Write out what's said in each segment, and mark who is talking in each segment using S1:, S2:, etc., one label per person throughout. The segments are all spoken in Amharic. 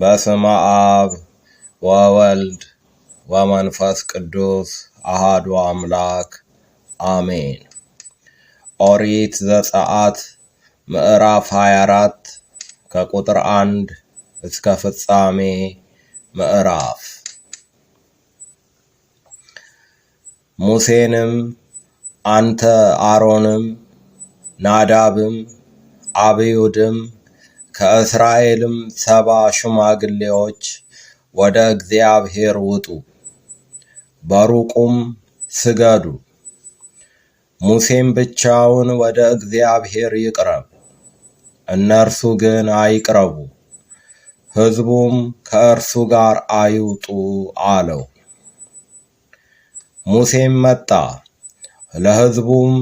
S1: በስመ አብ ወወልድ ወመንፈስ ቅዱስ አሃዱ አምላክ አሜን። ኦሪት ዘጸአት ምዕራፍ 24 ከቁጥር አንድ እስከ ፍጻሜ ምዕራፍ። ሙሴንም አንተ አሮንም ናዳብም አብዩድም ከእስራኤልም ሰባ ሽማግሌዎች ወደ እግዚአብሔር ውጡ፣ በሩቁም ስገዱ። ሙሴም ብቻውን ወደ እግዚአብሔር ይቅረብ፣ እነርሱ ግን አይቅረቡ፣ ሕዝቡም ከእርሱ ጋር አይውጡ አለው። ሙሴም መጣ፣ ለሕዝቡም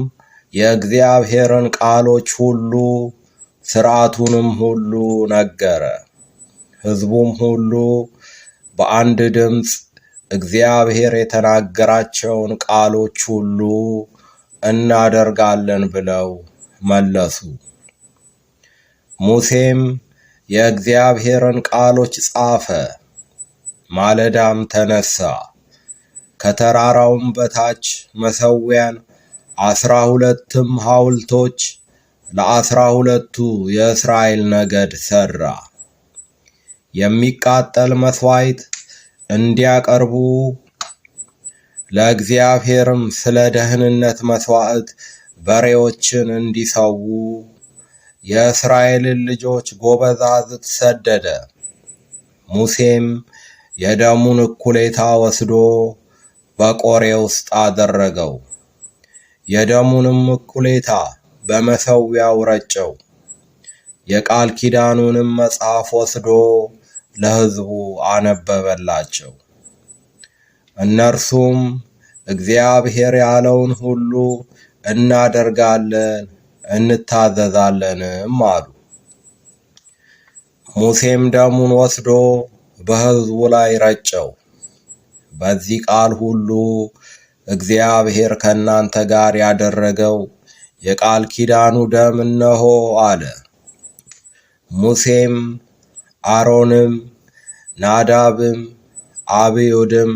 S1: የእግዚአብሔርን ቃሎች ሁሉ ስርዓቱንም ሁሉ ነገረ። ሕዝቡም ሁሉ በአንድ ድምፅ እግዚአብሔር የተናገራቸውን ቃሎች ሁሉ እናደርጋለን ብለው መለሱ። ሙሴም የእግዚአብሔርን ቃሎች ጻፈ። ማለዳም ተነሳ፣ ከተራራውም በታች መሠዊያን አስራ ሁለትም ሐውልቶች ለአስራ ሁለቱ የእስራኤል ነገድ ሠራ። የሚቃጠል መሥዋዕት እንዲያቀርቡ ለእግዚአብሔርም ስለ ደህንነት መሥዋዕት በሬዎችን እንዲሰዉ የእስራኤልን ልጆች ጎበዛዝት ሰደደ። ሙሴም የደሙን እኩሌታ ወስዶ በቆሬ ውስጥ አደረገው። የደሙንም እኩሌታ በመሠዊያው ረጨው። የቃል ኪዳኑንም መጽሐፍ ወስዶ ለሕዝቡ አነበበላቸው። እነርሱም እግዚአብሔር ያለውን ሁሉ እናደርጋለን እንታዘዛለንም አሉ። ሙሴም ደሙን ወስዶ በሕዝቡ ላይ ረጨው። በዚህ ቃል ሁሉ እግዚአብሔር ከእናንተ ጋር ያደረገው የቃል ኪዳኑ ደም እነሆ አለ። ሙሴም አሮንም ናዳብም አብዩድም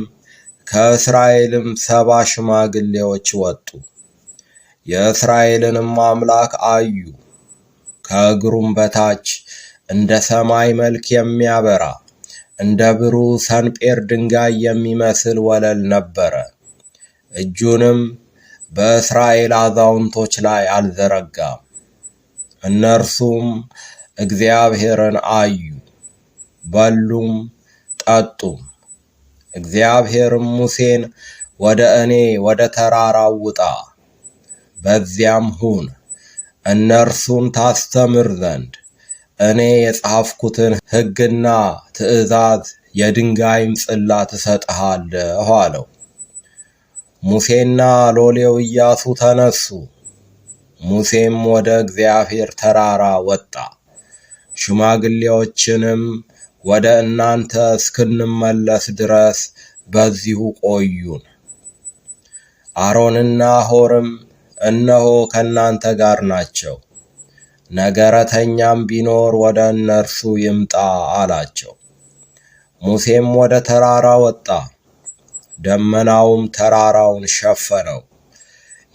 S1: ከእስራኤልም ሰባ ሽማግሌዎች ወጡ። የእስራኤልንም አምላክ አዩ። ከእግሩም በታች እንደ ሰማይ መልክ የሚያበራ እንደ ብሩህ ሰንጴር ድንጋይ የሚመስል ወለል ነበረ። እጁንም በእስራኤል አዛውንቶች ላይ አልዘረጋም። እነርሱም እግዚአብሔርን አዩ፣ በሉም ጠጡም። እግዚአብሔርም ሙሴን ወደ እኔ ወደ ተራራው ውጣ፣ በዚያም ሁን፣ እነርሱን ታስተምር ዘንድ እኔ የጻፍኩትን ሕግና ትእዛዝ የድንጋይም ጽላት እሰጥሃለሁ አለው። ሙሴና ሎሌው ኢያሱ ተነሱ። ሙሴም ወደ እግዚአብሔር ተራራ ወጣ። ሽማግሌዎችንም ወደ እናንተ እስክንመለስ ድረስ በዚሁ ቆዩን። አሮንና ሆርም እነሆ ከእናንተ ጋር ናቸው፣ ነገረተኛም ቢኖር ወደ እነርሱ ይምጣ አላቸው። ሙሴም ወደ ተራራ ወጣ። ደመናውም ተራራውን ሸፈነው።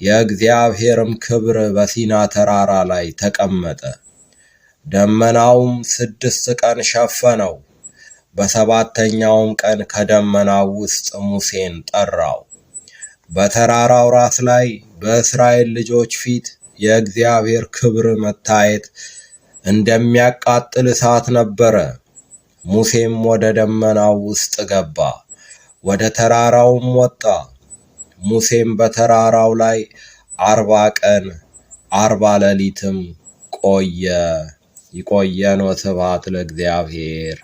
S1: የእግዚአብሔርም ክብር በሲና ተራራ ላይ ተቀመጠ። ደመናውም ስድስት ቀን ሸፈነው። በሰባተኛውም ቀን ከደመናው ውስጥ ሙሴን ጠራው። በተራራው ራስ ላይ በእስራኤል ልጆች ፊት የእግዚአብሔር ክብር መታየት እንደሚያቃጥል እሳት ነበረ። ሙሴም ወደ ደመናው ውስጥ ገባ። ወደ ተራራውም ወጣ። ሙሴም በተራራው ላይ አርባ ቀን አርባ ሌሊትም ቆየ። ይቆየን። ወስብሐት ለእግዚአብሔር።